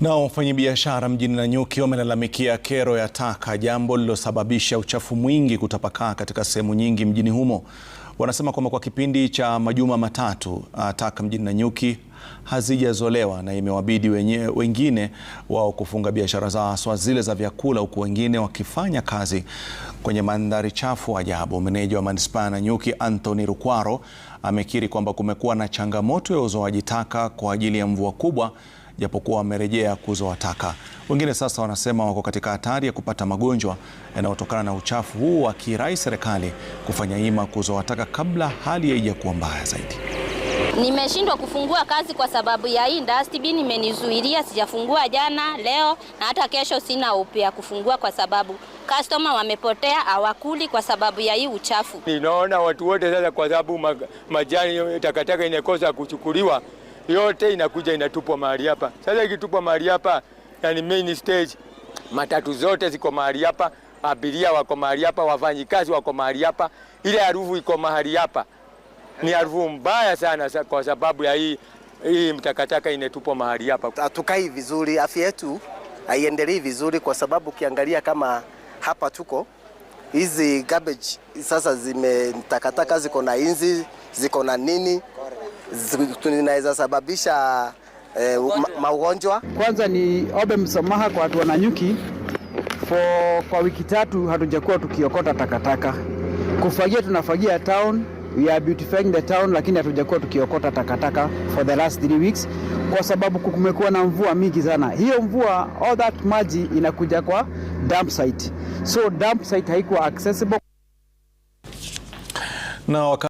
Na wafanyabiashara mjini Nanyuki wamelalamikia kero ya taka, jambo lililosababisha uchafu mwingi kutapakaa katika sehemu nyingi mjini humo. Wanasema kwamba kwa kipindi cha majuma matatu ah, taka mjini Nanyuki hazijazolewa na imewabidi wengine wao kufunga biashara zao, haswa zile za vyakula, huku wengine wakifanya kazi kwenye mandhari chafu ajabu. Meneja wa manispaa ya Nanyuki Anthony Rukwaro amekiri kwamba kumekuwa na changamoto ya uzoaji taka kwa ajili ya mvua kubwa japokuwa wamerejea kuzoa taka. Wengine sasa wanasema wako katika hatari ya kupata magonjwa yanayotokana na uchafu huu, wakirai serikali kufanya hima kuzoa taka kabla hali haijakuwa mbaya zaidi. Nimeshindwa kufungua kazi kwa sababu ya hii dustbin, imenizuilia sijafungua jana, leo na hata kesho. Sina upya kufungua kwa sababu customer wamepotea, hawakuli kwa sababu ya hii uchafu. Ninaona watu wote sasa, kwa sababu majani takataka inakosa kuchukuliwa yote inakuja inatupwa mahali hapa. Sasa ikitupwa mahali hapa, yani main stage, matatu zote ziko mahali hapa, abiria wako mahali hapa, wafanyikazi wako mahali hapa, ile harufu iko mahali hapa. Ni harufu mbaya sana kwa sababu ya hii hii mtakataka inatupwa mahali hapa. Hatukai vizuri, afya yetu haiendelei vizuri, kwa sababu ukiangalia kama hapa tuko hizi garbage sasa, zimetakataka ziko na inzi ziko na nini zinaweza sababisha eh, maugonjwa. Kwanza ni ombe msamaha kwa watu nyuki for, kwa wiki tatu hatujakuwa tukiokota takataka. Kufagia tunafagia town, we are beautifying the town, lakini hatujakuwa tukiokota takataka for the last three weeks kwa sababu kumekuwa na mvua mingi sana. Hiyo mvua all that maji inakuja kwa dump site, so dump site haikuwa accessible na